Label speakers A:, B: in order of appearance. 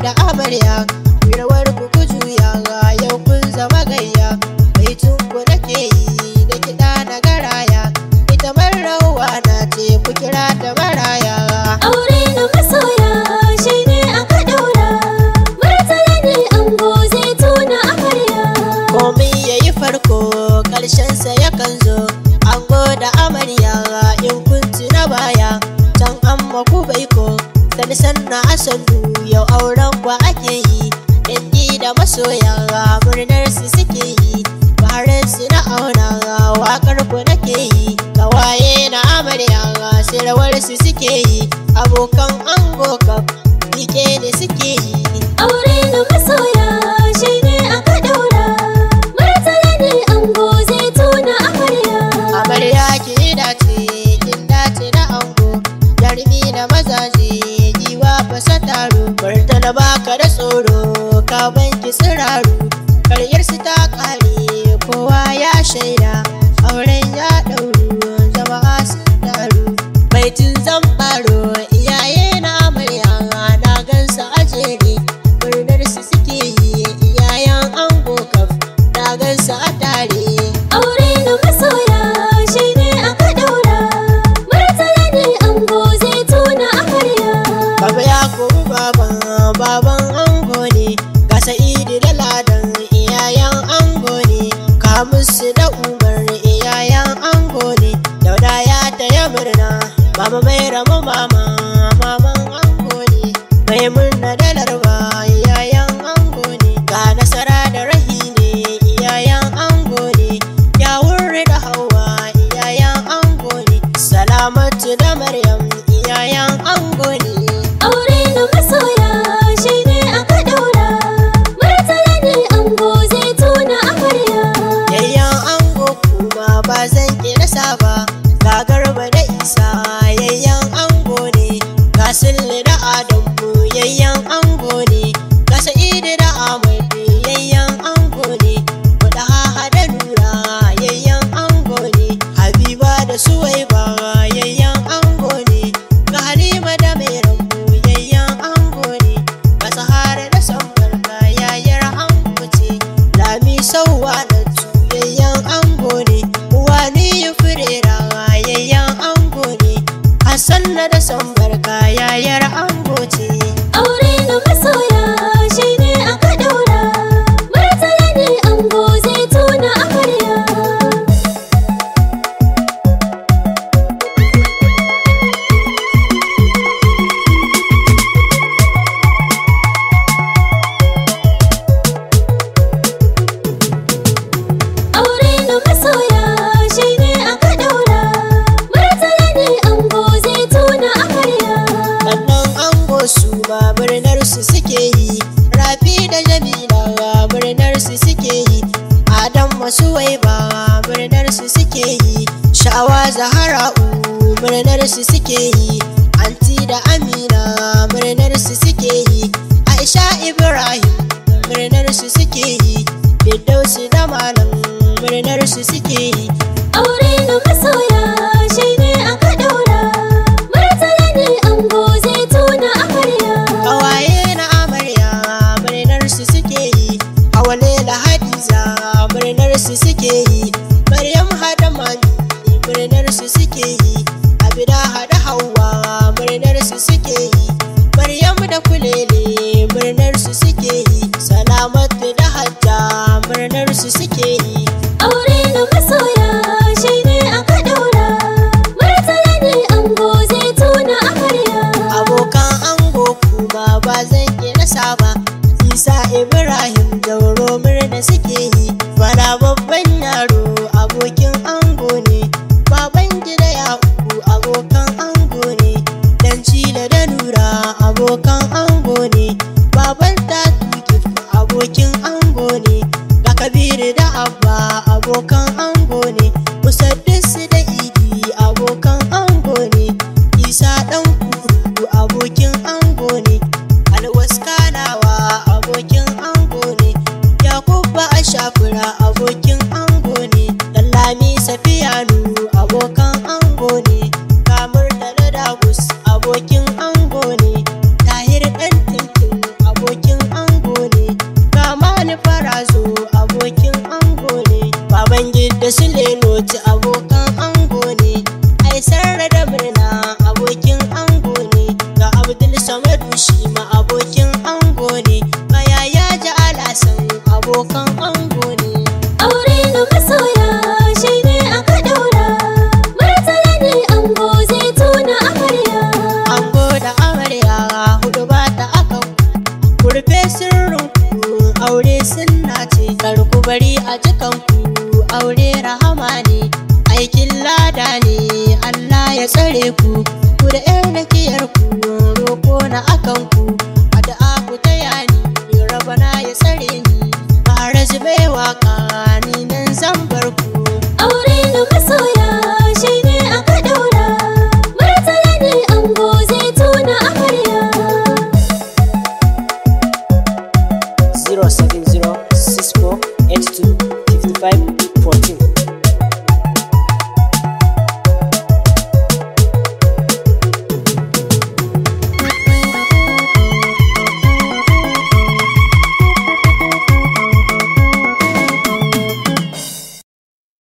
A: da amarya Firwar ku ku juya yau kun zama gayya Baitun ku nake yi da kiɗa na garaya Ita marrawa na ce ku kira da maraya
B: Aure na masoya shi ne aka ɗaura Martala ne ango
A: zai tuna amarya Komai yayi farko ƙarshen sai masoyan ga murnar su suke yi barin su na auna ga wakar ku nake yi kawaye na amarya ga sirawar su suke yi abokan ango kaf ike ne suke yi Murtala baka da tsoro ka banki siraru karyar su ta ƙare kowa ya shaida na Baba bai mama Maman ango ne mai murna da larba Iyayen ango ne Ga nasara da rahi ne Iyayen ango ne Ya da hawa Iyayen ango ne Salamatu da Maryam Iyayen ango ne Aure kuma ba zan kira su suke yi rafi da jamila murnar su suke yi adam masu waiba murnar su suke yi sha'awa zahara'u murnar su suke yi anti da 我刚。cikanku aure rahama ne aikin lada ne Allah ya tsare ku ku da